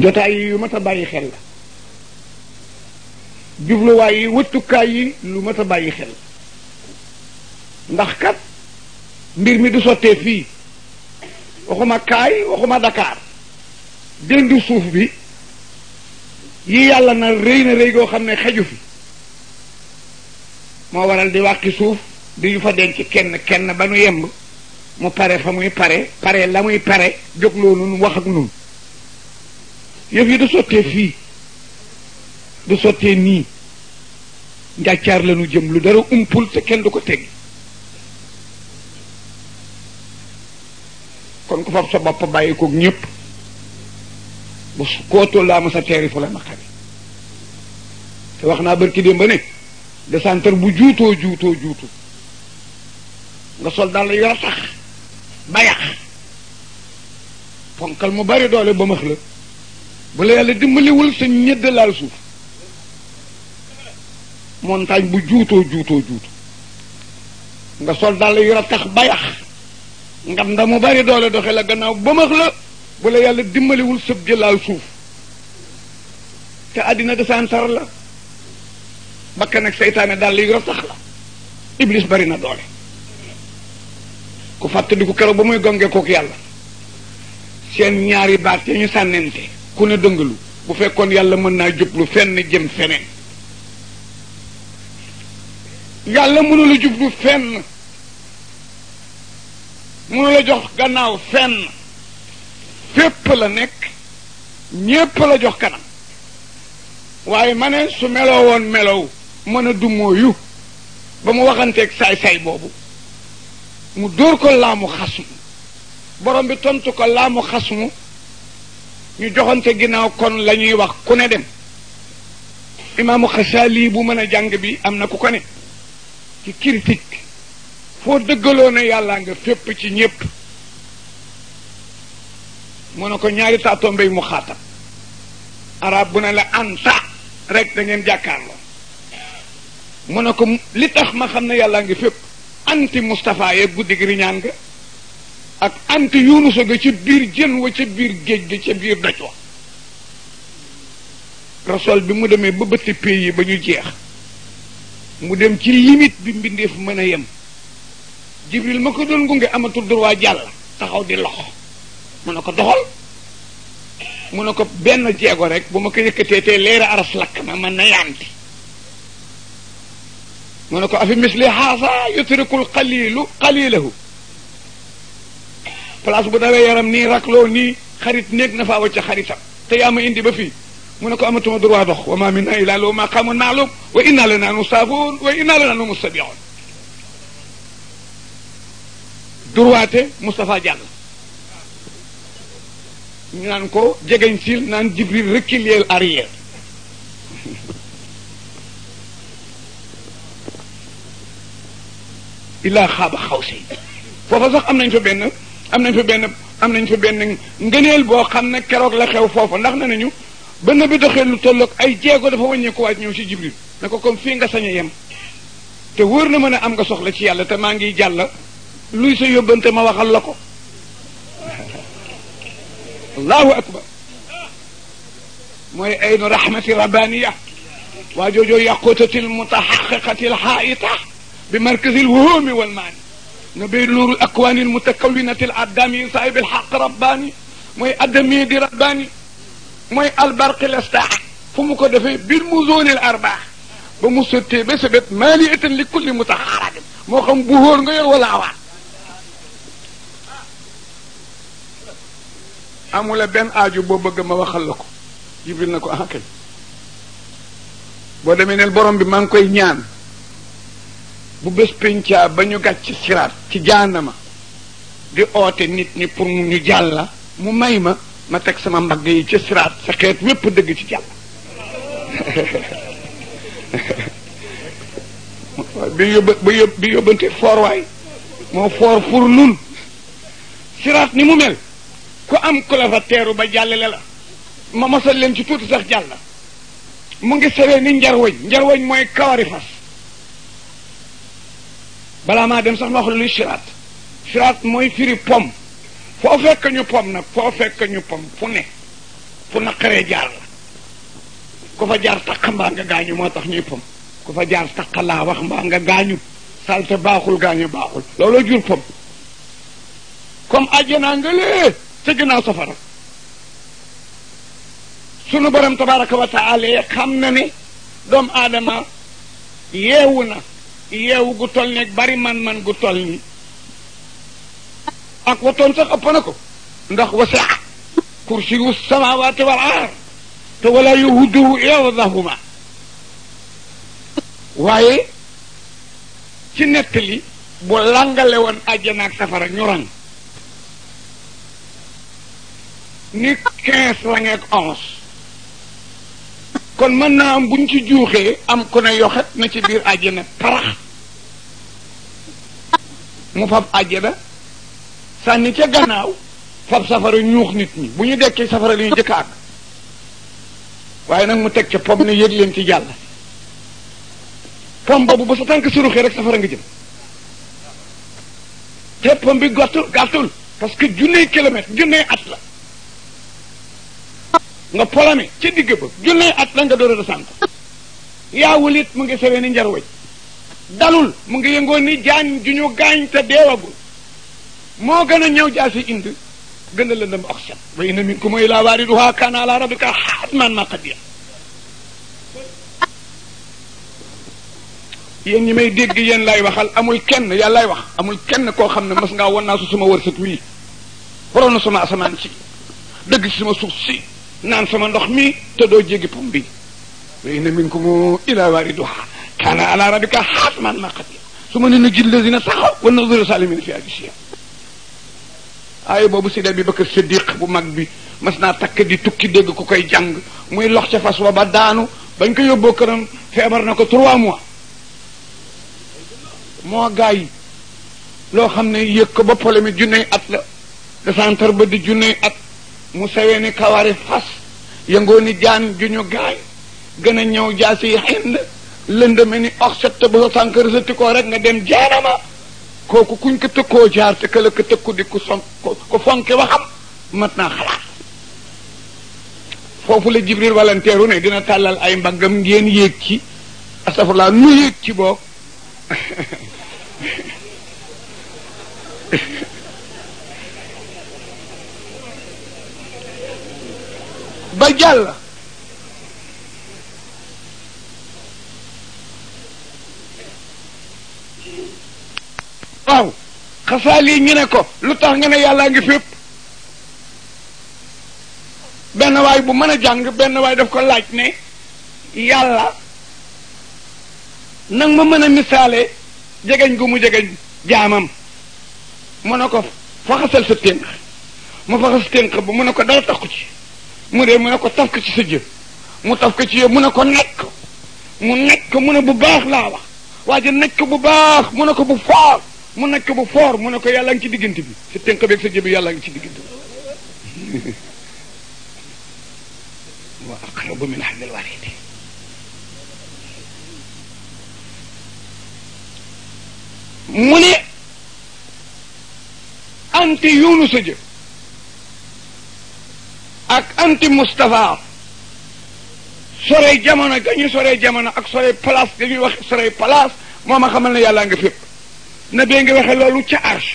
jotaay yi yu mat a bàyyi xel la jubluwaay yi wëccukaay yi lu mat a bàyyi xel ndax kat mbir mi du sottee fii waxuma kaay waxuma Dakar dendu suuf bi yi yàlla na rëy na rëy goo xam ne xeju fi moo waral di wàqi suuf di ñu fa denc kenn kenn ba nu yemb mu pare fa muy pare pare la muy pare jóg loolu nu wax ak nun yëf yi du sottee fii du sottee nii njàccaar la ñu jëm lu dara umpul te kenn du ko teggi kon ku fab sa bopp bàyyi koog ñépp bu kootul laa ma sa teeri fu la naqari te wax naa barki démb ba ne desantar bu juutoo juutoo juutu nga sol daal yor sax ba yàq ponkal mu bari doole ba max la bu la yàlla dimbaliwul sa ñedd laal suuf montagne bu juutoo juutoo juutu nga sol dàll yu rattax bayax ngam nda mu bari doole doxe la gannaaw bëmax la bu la yàlla dimbaliwul sëb ji suuf te àddina desaan sar la bakkan ak seytaane dàll yu rattax la iblis bari na doole ku ku keroog ba muy gonge kook yàlla seen ñaari baat ya ñu sànnente ku ne dëngalu bu fekkoon yàlla mën naa jublu fenn jëm feneen yàlla mënu jublu fenn mënu jox gannaaw fenn fépp la nekk ñépp la jox kanam waaye ma ne su meloo woon melow mën a dumóoyu ba mu waxanteeg saay-saay boobu mu dóor ko laamu xasmu borom bi tontu ko laamu xasmu ñu joxante ginnaaw kon lañuy wax ku ne dem imaamu xasaali bu mën a jàng bi am na ku ko ne ci critique foo dëggaloo ne yàllaa nga fépp ci ñépp mu ne ko ñaari taatoo mbéy mu xaatam arab bu ne la anta rek dangeen ngeen jàkkaarloo mu ne ko li tax ma xam ne yàllaa ngi fépp anti Moustapha yeeg guddi gi ñaan ak ant yunusa ga ci biir jën wa ca biir géej ga ca biir doj wa rasool bi mu demee ba bëtt pays yi ba ñu jeex mu dem ci limite bi mbindeef mën a yem jibril ma ko doon gunge amatul droit jàll taxaw di loxo mu ne ko doxal mu ne ko benn jeego rek bu ma ko yëkkatee tey leera aras lakk ma mën na yaanti mu ne ko afi misli haasa yutrikul qalilu qalilahu place bu dawee yaram nii rakloo ni xarit néeg na faa wacca xaritam te yaa ma indi ba fi mu ne ko amatuma droit dox wa ma minna illaa lahu maqaamun ma'luum wa inna lanaa musaafihuun wa inna lanaa mustabi'uun durwaate Moustapha Diallo ñu naan ko jegeñ sil naan Jibril reculeel arrière illaa xaaba xaw si foofa sax am nañ fa benn am nañ fa benn am nañ fa benn ngëneel boo xam ne keroog la xew foofu ndax na nañu ba na bi doxee lu tolloog ay jéego dafa wàññeeku waaj ñëw ci jibril na ko comme fii nga sañ a yem te wóor na ma ne am nga soxla ci yàlla te maa ngi jàll luy sa yóbbante ma waxal la ko allahu akbar mooy aynu rahmati rabbaniya waa joojoo yàqutatil mutaxaqiqatil xaayita bi markazil wuhumi wal maani nabi nuuru akwaanil mutakawinatil addami saahibil xaq rabbaani mooy addami di rabbaani mooy albarqil astaax fu mu ko defee bir mu zoonil arbaax ba mu sottee ba sa bët maali etan li mu mutaxaaraatim moo xam bu hóor nga yor wala awaar amula benn aaju boo bëgg ma waxal la ko jibril na ko ah kay boo demee neel borom bi maa ngi koy ñaan bu bés péncaa ba ñu gàcc siraat ci jaanama di oote nit ñi pour mu ñu jàlla mu may ma ma teg sama mbagg yi ci siraat sa xeet wépp dëgg ci jàll bi yóbba bi yóbbante foor waay moo foor pour nun siraat ni mu mel ku am ku fa teeru ba jàllale la ma mosal leen ci tuuti sax jàll mu ngi sawee ni njarwañ njarwañ mooy kawari fas balaa maa dem sax ma wax la luy siraat siraat mooy firi pom foo fekk ñu pom nag foo fekk ñu pom fu ne fu naqaree jaar la ku fa jaar taq mbaa nga gaañu moo tax ñuy pom ku fa jaar taq laa wax mbaa nga gaañu salte baaxul gaañu baaxul looloo jur pom comme àjjanaa nga lee ca ginnaaw safara sunu borom tabaraka wa taala xam na ne doomu aadama yeewu na yeewu gu toll bari man-man gu ni ak watoom sax ëpp na ko ndax wasaa kursiyu samawaati wal aar te wala yuhuduhu irdahuma waaye ci nettali bu langale woon àjjana safara ñu rang ni quinze la ngeeg kon mën naa am buñ ci juuxee am ku ne yoxet na ci biir àjjana tarax mu fab àjjana sànni ca gannaaw fab safara ñuux nit ñi bu ñu dekkee safara li ñu jëkk àgg waaye nag mu teg ca pom ne yéeg leen ci jàll pom boobu ba sa tànk suruxee rek safara nga jëm te pom bi gàttul gàttul parce que junney kilomètre junney at la nga polame ci digg ba junnee at la nga door a descente yaawulit mu ngi sewee ni njarwaj dalul mu ngi yëngoo ni jaan ju ñu gaañ te deewagul moo gën a ñëw jaasi indi gën a lëndëm oxsat wa inna minkum illaa waariduhaa kaana alaa rabbika hatman ñi may dégg yéen lay waxal amul kenn yàllaay wax amul kenn koo xam ne mas ngaa won naa su suma wërsëg wii waroon na suma asamaan si dëgg si suma suuf si naan sama ndox mi te doo jéggi pom bi wa inna minkum ila waariduha kaana ala rabbika hatman maqdiya su ma ne na jil lazina saxaw wa naduru salimin fi abisia aaya boobu si da bi bakar siddiq bu mag bi mas naa takk di tukki dégg ko koy jàng muy lox ca fas wa ba daanu bañ ko yóbboo këram feebar na ko trois mois moo gaa yi loo xam ne yëg ko ba polémique junney at la desantar ba di junney at mu sewee ni kawari fas yëngoo ni jaan ju ñu gaañ gën a ñëw jaasi yi xind lëndëme ni ox set ba sa sànk rësati ko rek nga dem jaanama kooku kuñ ko tëkkoo jaar te këla ko tëkku di ku son ko fonke waxam mat naa xalaat foofu la jibril walanteeru ne dina tàllal ay mbaggam ngeen yéeg ci astafurlaa nu yéeg ci boo ba jàll waaw xasaal yi ñu ne ko lu tax nga ne yàllaa ngi fépp benn waay bu mën a jàng benn waay daf ko laaj ne yàlla nag ma mën a misaale jegeñ gu mu jegeñ jaamam mu ne ko faxasal sa tënk mu faxas tënk ba mu ne ko dara taxu ci mu ne mu ne ko taf ko ci sa jë mu taf ko ci yow mu ne ko mu nekk mu ne bu baax laa wax waa ji nekk bu baax mu ne ko bu foor mu nekk bu foor mu ne ko yàlla ngi ci diggante bi sa tënk beeg sa jë bi yàlla ngi ci diggante bi wa aqrabu mu ne ante yoonu sa ak anti Moustapha sore jamono ga ñu sore jamono ak sore place ga ñuy wax sore place moo ma ne yàllaa nga fépp na bee nga waxee loolu ca arsh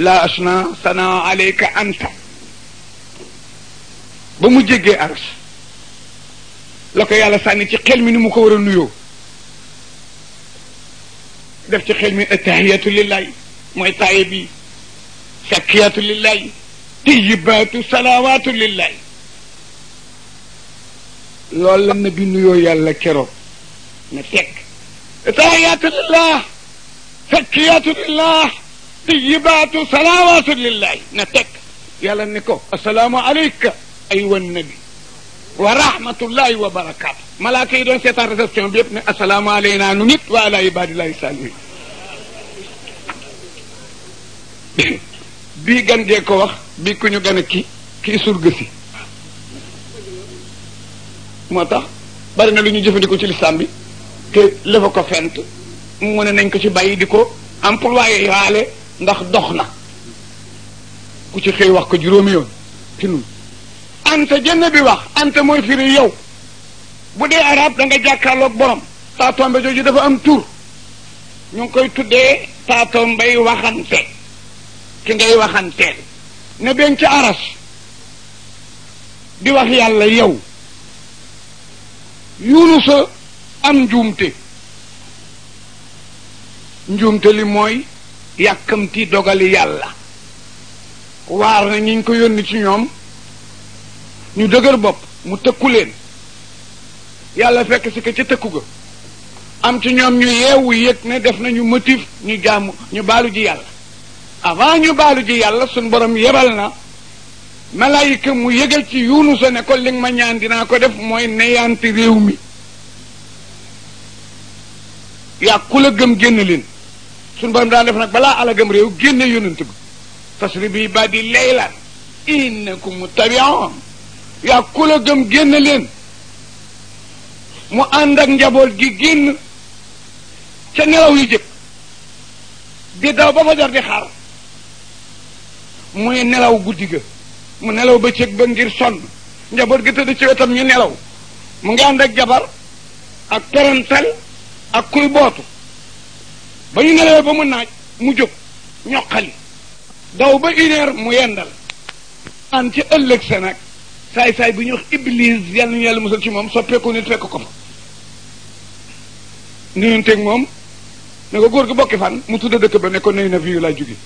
la asna sana aleyka anta ba mu jéggee arsh la ko yàlla sànni ci xel mi ni mu ko war a nuyoo def ci xel mi attahiyatu lillahi mooy taaye bi sakkiyatu lay tijjibaatu salawaatu lillahi loolu la nabi nuyoo yàlla keroog na fekk tahiyaatu lillah fakkiyaatu lillah tijjibaatu salawaatu lillahi na fekk yàlla ni ko asalaamu aleyka aywa nabi wa rahmatullahi wa barakaatu malaaka yi doon seetaan bi yëpp ne asalaamu aleyna nu nit wa ala ibadillahi saalihin bii gan gee wax bi ku ñu gane ki ki surga moo tax bari na lu ñu jëfandikoo ci lislaam bi te la ko fent mu ne nañ ko ci bàyyi di ko employé yaale ndax dox na ku ci xëy wax ko juróomi yoon ci nun anta jënn bi wax ante mooy firi yow bu dee arab da nga jàkkaarloog borom taatombe jooju dafa am tur ñu ngi koy tuddee taatombay waxante ki ngay waxanteel ne benn ci aras di wax yàlla yow yunusa am njuumte njuumte li mooy yàkkamti dogali yàlla waar na ñi ko yónni ci ñoom ñu dëgër bopp mu tëkku leen yàlla fekk si ko ca tëkku ga am ci ñoom ñu yeewu yëg ne def nañu motif ñu jàmm ñu baalu ji yàlla avant ñu baalu ji yàlla suñ borom yebal na malaayika mu yëgal ci yuunusa ne ko li nga ma ñaan dinaa ko def mooy neyanti réew mi yaa ku gëm gën leen suñ borom daan def nag balaa ala gëm réew génne yonent bi fasri bi ba di leylan innakum muttabi'un yaa ku la gëm génn leen mu ànd ak njaboot gi génn ca nelaw yu jëkk di daw ba fajar di xaar muy nelaw guddi ga mu nelaw ba bëccëg ba ngir sonn njaboot gi tëdd ci wetam ñu nelaw mu ngi ànd ak jabar ak parental ak kuy bootu ba ñu nelawee ba mu naaj mu jóg ñoqali daw ba une mu yendal an ci ëllëg sa nag saay-saay bi ñu wax iblis yàlla ñu yàlla musal ci moom soppeeku nit fekk ko fa nuyonteeg moom ne ko góor gi bokki fan mu tudda dëkk ba ne ko nuyu na viyu laa jóge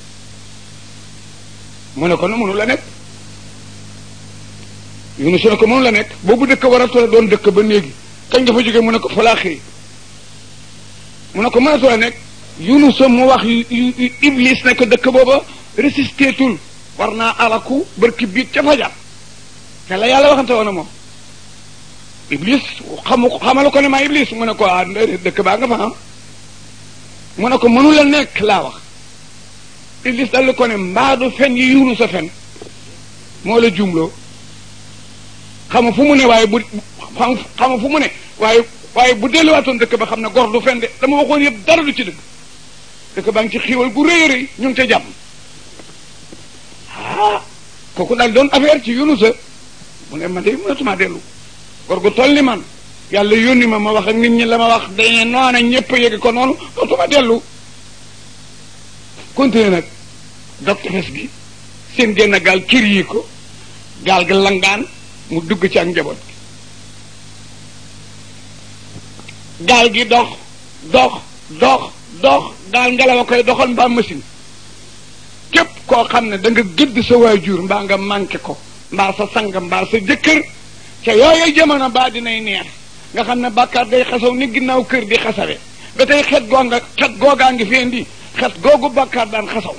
mu ne ko nu mënu la nekk Yunus ne ko mënu la nekk boobu dëkk waratu la doon dëkk ba néegi kañ nga fa jógee mu ne ko falaaxee mu ne ko mënatu la nekk Yunus mu wax Iblis ne ko dëkk booba résisté tul war naa alaku barki biig ca fajar te la yàlla waxante woon na moom Iblis xamu xamal ko ne maa Iblis mu ne ko ah dëkk baa nga fa am ah. ne ko mënu la nekk laa wax. iblis dal ko ne mbaadu fen yi yuulu sa fen moo la jumloo xama fu mu ne waaye bu xama fu mu ne waaye waaye bu delluwaatoon dëkk ba xam ne gor du fen de dama waxoon yëpp dara du ci dëgg dëkk baa ngi ci xiiwal gu rëy a rëy ñu ngi ca jàmm ah kooku daal doon affaire ci yunu sa mu ne man de mënatuma dellu gor gu toll ni man yàlla yónni ma ma wax ak nit ñi la ma wax dañe noona ñëpp yëg ko noonu dootuma dellu continué nag dog tefes gi seen genn gaal kiir yi ko gaal ga langaan mu dugg ci ak njaboot gi gaal gi dox dox dox dox daal ngelaw a koy doxal mbaa machine képp koo xam ne da nga gëdd sa waajur mbaa nga manqué ko mbaa sa sang mbaa sa jëkkër ca yooyu jamono baa dinay neex nga xam ne bàkkaar day xasaw ni ginnaaw kër di xasawe ba tey xet goo nga xet googaa googu bàkkaar daan xasaw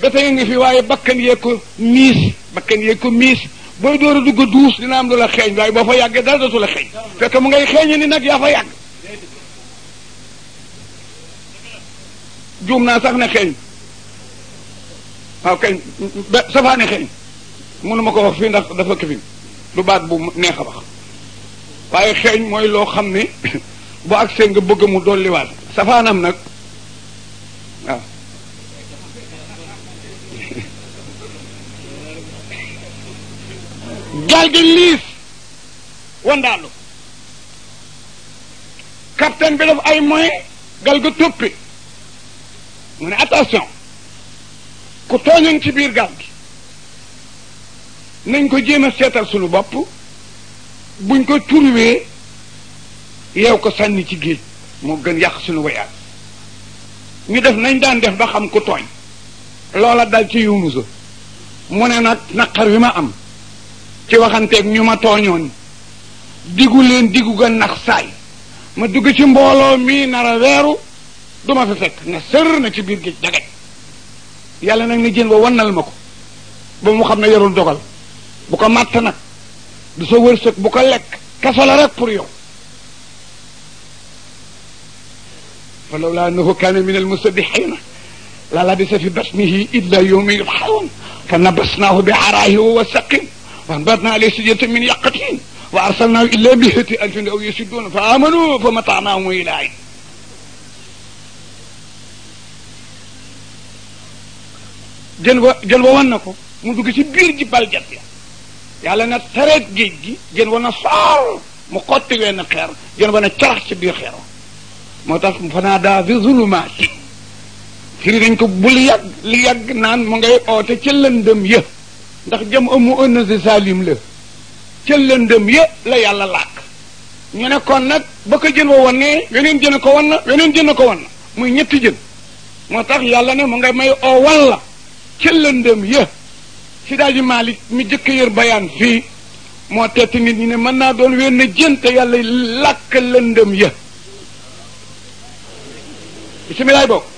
gata ngi fi waaye bakkan yee miis bakkan yee ko miis booy door dugg duus di am lu la xeeñ waaye boo fa yàggee dara dootu la xeeñ fekk mu ngay xeeñe ni nag yaa fa yàgg juum naa sax ne xeeñ waaw kañ safaane xeeñ mënuma ko wax ndax dafa këfin lu baat bu neex wax waaye xeeñ mooy loo xam ne bu agsee nga bëgg mu dolliwaat safaanam nag gaal gi liis wandaalu capitaine bi def ay moyens gal ga toppi mu ne attention ku tooñoon ci biir gaal gi nañ ko jéem a seetal suñu bopp buñ ko turwee yeew ko sànni ci géej moo gën yàq suñu wayaat ñu def nañ daan def ba xam ku tooñ loola dal ci yunusa mu ne nag naqar wi ma am ci waxanteeg ñu ma tooñoon diggu leen diggu ga nax saay ma dugg ci mbooloo mii nar a weeru du ma fi fekk ne sër na ci biir géej dagaj yàlla nag ne jën ba wannal ma ko ba mu xam ne yorul dogal bu ko màtt nag du sa wërsëg bu ko lekk kaso la rek pour yow fa laa annahu kaana min almusabbihiina la labisa fi batnihi illa yawma yub'athuun fa nabasnaahu bi araahi wa huwa saqiim وأنبتنا عليه شجرة من يقطين وأرسلناه إلا بهة ألف أو يشدون فآمنوا فمتعناهم إلى عين jën ko mu dugg ci biir ji baljat ya yàlla tereet géej gi jën wa na saaw mu xotti wenn xeer jën wa na carax ci biir xeer moo tax mu fanaa nañ ko bul yàgg li yàgg naan mu ngay oote ca lëndëm ya ndax jëm amu ënn salim la ca lëndëm yëpp la yàlla làkk ñu ne nag ba ko jën wa wannee weneen jën ko wan na weneen jën ko wan na muy ñetti jën moo tax yàlla ne mu nga may oo walla ca lëndëm yë si daal di Maalik mi jëkk yër bayaan fii moo tett nit ñi ne mën naa doon wenn jën te yàlla làkk lëndëm yë bisimilaay bokk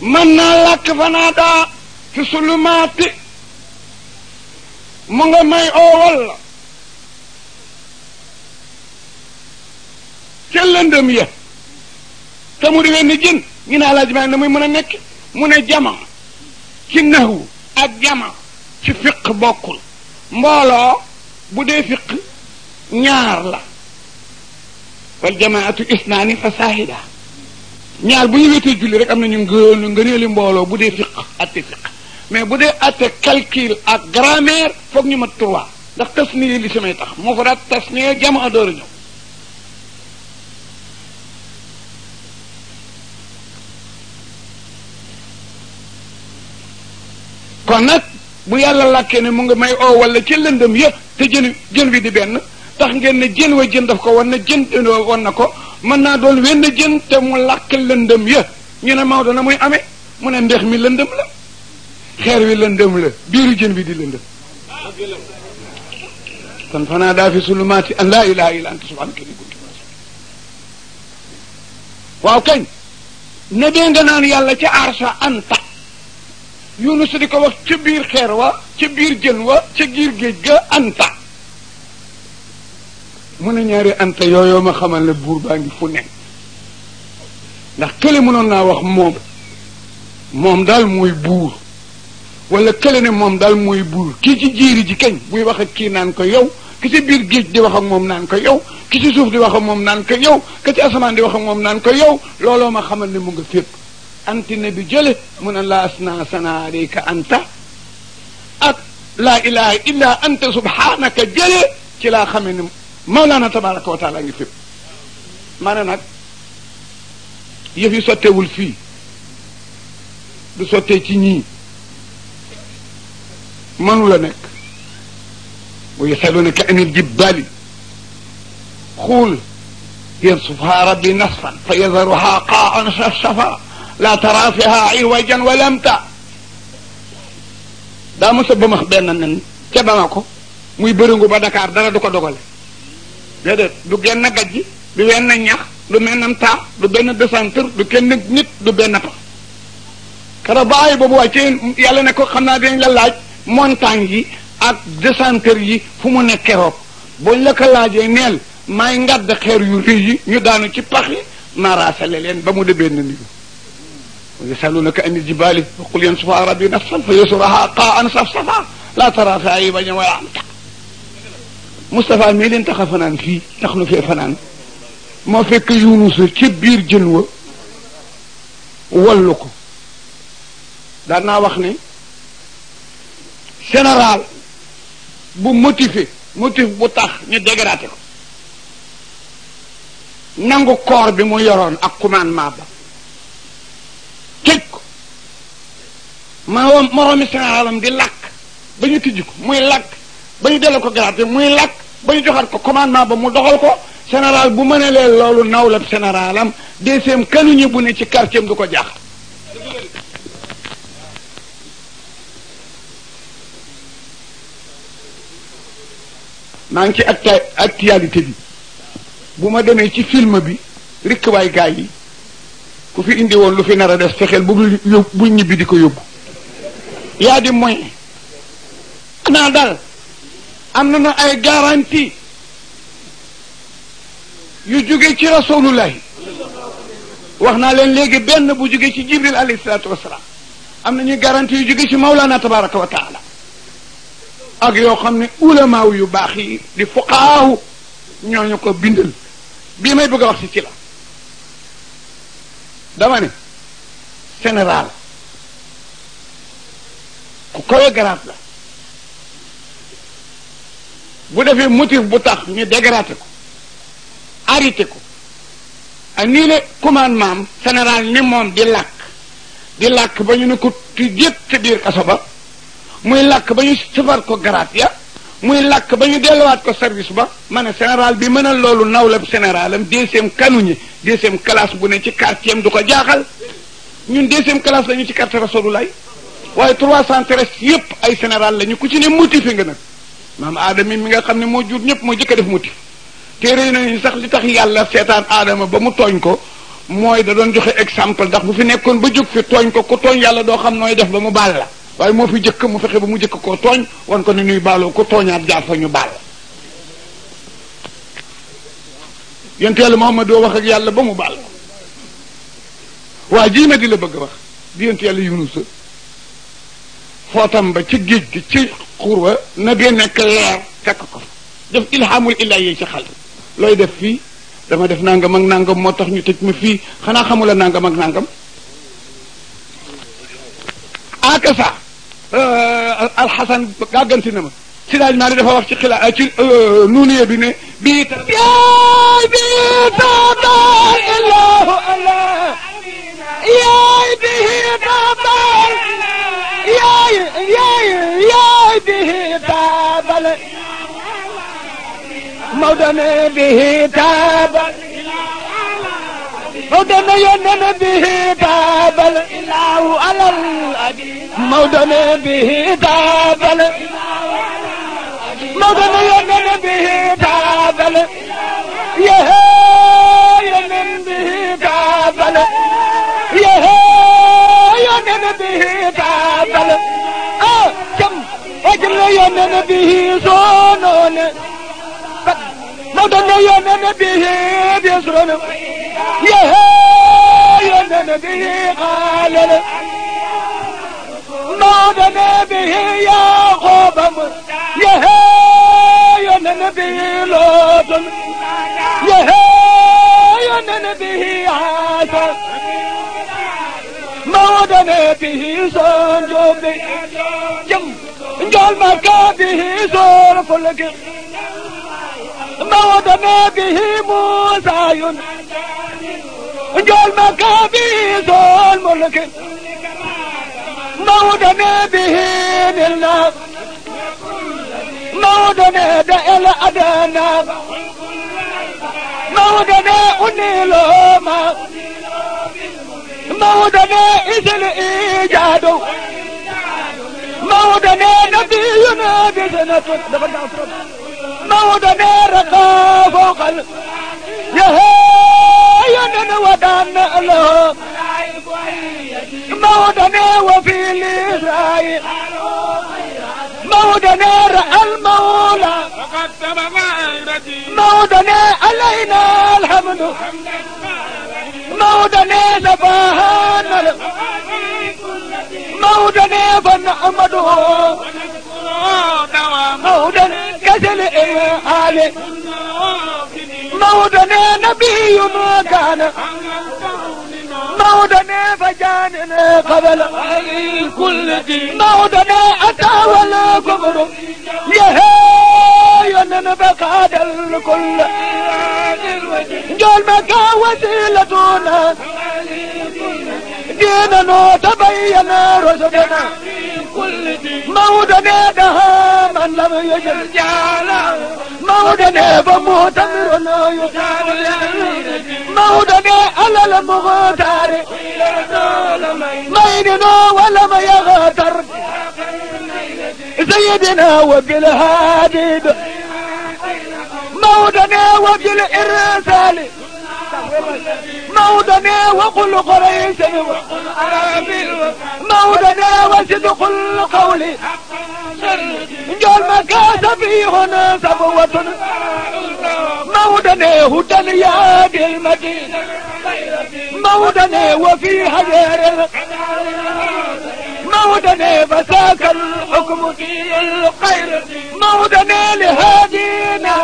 mën naa làkk fanaadaa fi sulumaati mu nga may oowal la ca lëndëm ya te mu diwee ni jën ñu ne alaaji maa na muy mën a nekk mu ne jama ci naxwu ak jama ci fiq bokkul mbooloo bu dee fiq ñaar la wal jamaatu isnaani fa saahida ñaar bu ñu wetee julli rek am na ñu ngë ngëneeli mbooloo bu dee fiq atte fiq mais bu dee atte calcul ak grammaire foog ñu mat trois ndax tas nii li samay tax moo fa daat tas nii jam a door a ñëw kon nag bu yàlla làkkee ne mu ngi may wala ci yëpp te jën jën wi di benn tax ngeen ne jën wa jën daf ko war na jën war na ko mën naa doon wenn jën te mu làkk lëndëm ya ñu ne Maodo na muy amee mu ne ndex mi lëndëm la xeer wi lëndëm la biiru jën bi di lëndëm kon naa daa fi sulumaati an laa ilaha illa anta subhanaka inni kuntu waaw kañ ne dee nga naan yàlla ca arsa anta Yunus di ko wax ca biir xeer wa ca biir jën wa ca giir géej ga anta mu ne ñaari anta yooyoo ma xamal ne buur baa ngi fu ne ndax kële mënoon naa wax moom moom daal muy buur wala kële ne moom daal mooy buur kii ci jiiri ji kañ buy wax ak kii naan ko yow ki ci biir géej di wax ak moom naan ko yow ki ci suuf di wax ak moom naan ko yow ki ci asamaan di wax ak moom naan ko yow looloo ma xamal ne mu nga fépp antine bi jële mu ne laas naa sanaa alayka anta ak laa ilaha illa anta subhanaka jële ci laa xame ne Mawlaana tabaaraka wa taala ngi fépp ma ne nag yëf yi sottewul fii du sottee ci ñii mënu la nekk wa yasaluunaka anil jibbaali xuul yansufhaa rabbi nasfan fa yazaruhaa qaa'an safsafaa laa taraa fiihaa iwajan wa laa amtaa daa mos a bëmax benn nen ca dama ko muy bërëngu ba Dakar dara du ko dogale déedéet du genn gajj du wenn ñax du mennam taax du benn décentre du kenn nit du benn pax kara bàyyi boobu yàlla ne ko xam naa dañ la laaj montagne yi ak décentre yi fu mu ne keroog buñ la laaj laajee neel maay ngadd xeer yu rëy yi ñu daanu ci pax yi maaraasale leen ba mu de benn nit wa yasalunaka ani jibaali qul yansufuha rabbi nasfan fa yasuraha qaan saf safa laa tara fiihaa iwajan wa laa amta Moustapha mii leen tax a fanaan fii tax nu fee fanaan moo fekk Yunusa ca biir jën wa wallu ko daan naa wax ni général bu motivé motif bu tax ñu dégraté ko nangu koor bi mu yoroon ak commandement ba tëj ko ma moromi généralam di làkk ba ñu tijj ko muy làkk ba ñu delloo ko garaat muy làkk ba ñu joxaat ko commandement ba mu doxal ko général bu mënee leen loolu naw la général am deuxième kanuñu bu ne ci quartier du ko jaax maa ngi ci actualité bi bu ma demee ci film bi rikk waay gaay yi ku fi indi woon lu fi nar a des fexeel bu bul ñibbi di ko yóbbu yaa di mooy naa dal am na na ay garantie yu jóge ci rasulullahi naa leen léegi benn bu jóge ci jibril alayhi salaatu wasalaam am nañu garantie yu jóge ci mawlaana tabaraka wa taala ak yoo xam ne ulamaaw yu baax yi di fuqaahu ko bindal bii may bëgg wax ci la dama ne général ku kawe garaat la bu defee motif bu tax ñu dégradé ko arrêté ko ak ah, nii ne commandement am général ni moom di làkk di làkk ba ñu ne ko ci jëkk biir kaso ba muy làkk ba ñu sëfar ko garaat ya muy làkk ba ñu delluwaat ko service ba ma ne général bi mën a loolu nawlab général am deuxième kanuñi deuxième classe bu ne ci quartier am du ko jaaxal ñun deuxième classe lañu ci quartier Rasulullah waaye trois cent treize yëpp ay général lañu ku ci ne motivé nga nag maam aadama mi nga xam ne moo jur ñëpp moo jëkk a def motif téere nañu sax li tax yàlla seetaan aadama ba mu tooñ ko mooy da doon joxe exemple ndax bu fi nekkoon ba jóg fi tooñ ko ku tooñ yàlla doo xam nooy def ba mu baal la waaye moo fi jëkk mu fexe ba mu jëkk koo tooñ wan ko ne nuy baaloo ko tooñaat jaar fa ñu baal yonte yàlla Muhammad doo wax ak yàlla ba mu baal waa jii ma di la bëgg wax di yonte yàlla Yunusa footam ba ci géej gi xurwa na gën nekk leer fekk ko def ilhamul illaa yi ci xal looy def fii dama def nangam ak nangam moo tax ñu tëj ma fii xanaa xamula nangam ak nangam akasa euh, alxasan gàgganti na ma si daaj maa ni dafa wax ci xila ci euh, nuuniye bi ne bii ta yaay bii tata illahu allah yaay bii tata yaay yaay به تابل مودن به تابل مودن ينن به تابل الله على الأبي مودن به تابل مودن ينن به تابل يهي ينن به تابل يمن به زونون قد مدن يمن به بزرون يها يمن به قالل مدن به يا غبم يها يمن به لوطن يها يمن به عسل موطن به زور جوبي جم جول مكة به زور فلك موطن به موسى جول مكة به زور ملك موطن به ملنا موطن دائل أدانا موطن أنيلوما موطن مودنا إذ الإيجاد مودنا نبينا بزنة مودنا رقى فوق يهينا ودعنا الله مودنا وفي الإسرائيل مودنا رأى المولى مودنا علينا الحمد Maodo nee na baax na la Maodo nee ba na Amadou Maodo gazali ale Maodo nee na bii yu ma gaana Maodo nee ba jaane na qabala Maodo nee atawala gobro yehe ينن بقاد الكل جول مكة وسيلتنا ديننا تبين رشدنا موتنا دها من لم يجد موتنا فمؤتمر لا يقال موتنا على المغتار ميننا ولم يغتر سيدنا وقل هادي مودنا وبالإرسال مودنا وقل قريشا مودنا وصدق القول جل مكاس فيهن سبوة مودنا هدى يا دي المدينة مودنا وفي حجر مودني فساك الحكم في الخير مودني لهادينا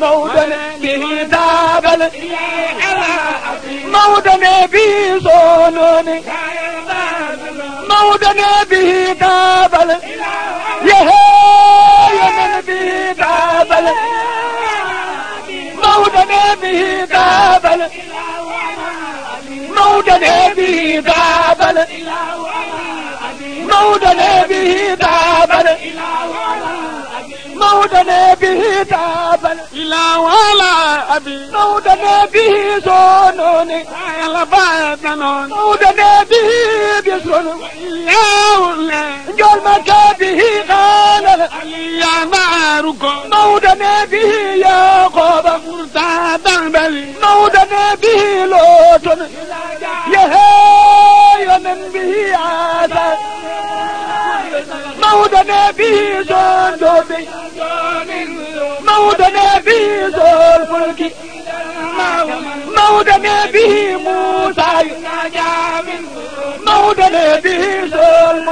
مودني به داب مودني به ظنوني مودني به داب يا هي به داب مودني به داب مودني به داب مودنا به تعبنا مودنا به تعبنا إلى ولا أبي مودنا به زنون يلا بعدنا مودنا به بيسرون يا ولا جل ما به غالنا يا معركم مودنا به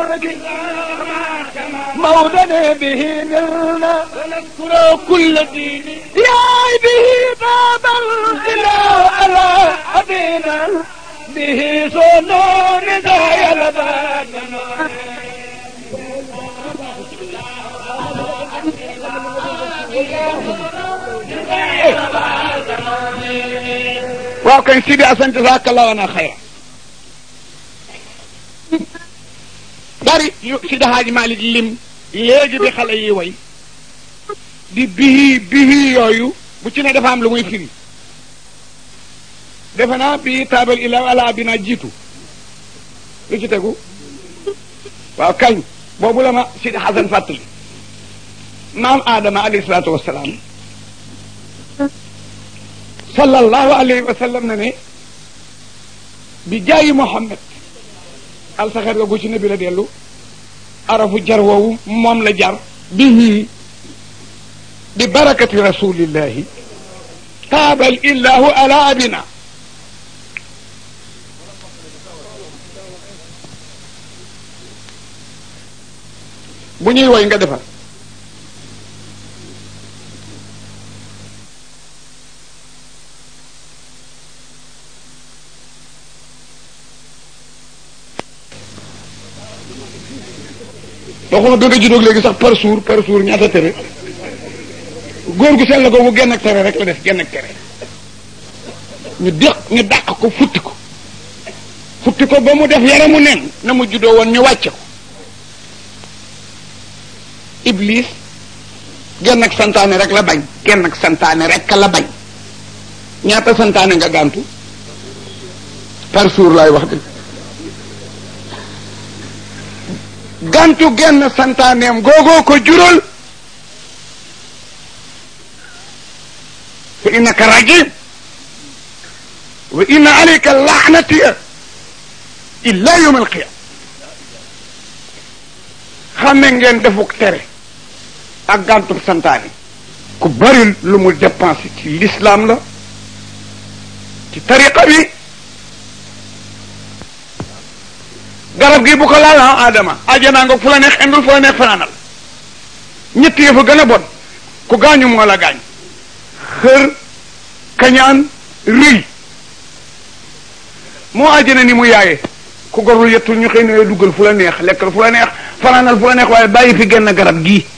الركي موضنا به نرنا ونذكر كل دين يا به باب الإله على أبينا به صنون دايا لبادنا waaw kay Sidi Assane jazakallahu xayran bari yu si daxaaj lim léegi bi xale yi way di bihi bihi yooyu bu ci ne dafa am lu muy firi defe naa bii taabal ila bi naa jiitu lu ci tegu wa kañ boobu la ma Sidi Xasan fàttali maam Adama alayhi salaatu wassalaam sallallahu alayhi na ne bi jaayi Muhammad alsaxeer googu ci nabi la dellu arafu jar woowu moom la jar bihi bi barakati rasulillahi taabal illahu ala abina bu ñuy woy nga defar waxuma bi nga juddóog léegi sax par jour par jour ñaata tere góor gu sell googu genn ak tere rek la def genn ak tere ñu déq ñu dàq ko futti ko futti ko ba mu def yaramu nen na mu juddoo woon ñu wàcce ko iblis genn ak santaane rek la bañ genn ak santaane rek la bañ ñaata santaane nga gàntu par jour laay wax de gantu genn santaaneem googoo ko jural fa innaka rajim wa inna alayka laanati illa yowm alqiyama xamme ngeen defuk tere ak gantum santaane ku bari lu mu dépensé l'islam la ci tariqa garab gi bu ko laal ah Adama àjjanaa nga fu la neex indul fu la neex fanaanal ñett yi fa gën a bon ku gaañu moo la gaañ xër kañaan rëy moo àjjana ni mu yaaye ku gorul yettul ñu xëy na duggal fu la neex lekk fu la neex fanaanal fu la neex waaye bàyyi fi genn garab gii